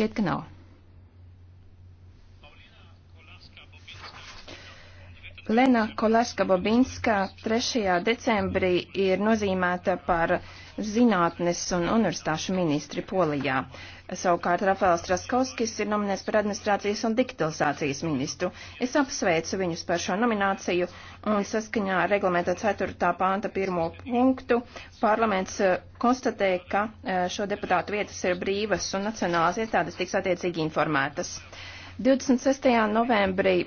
Šķiet, ka nav. Lena Koleska-Bobinska 3. decembrī ir nozīmēta par zinātnes un universitāšu ministri Polijā. Savukārt Rafēls Traskovskis ir nominēts par administrācijas un digitalizācijas ministru. Es apsveicu viņus par šo nomināciju un saskaņā ar reglamenta 4. pānta 1. punktu parlaments eh, konstatē, ka eh, šo deputātu vietas ir brīvas un nacionālās iestādes tiks attiecīgi informētas. 26. novembrī